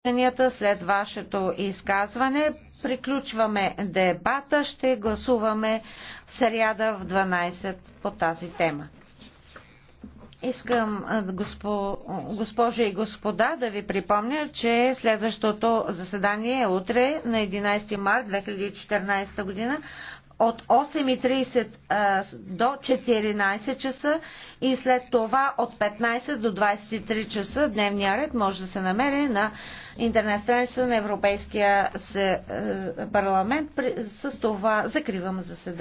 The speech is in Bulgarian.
изказванията. След вашето изказване приключваме дебата. Ще гласуваме сряда в 12 по тази тема. Искам, госпожи и господа, да ви припомня, че следващото заседание е утре на 11 март 2014 година от 8.30 до 14 часа и след това от 15 до 23 часа дневния ред може да се намери на интернет страница на Европейския парламент. С това закривам заседание.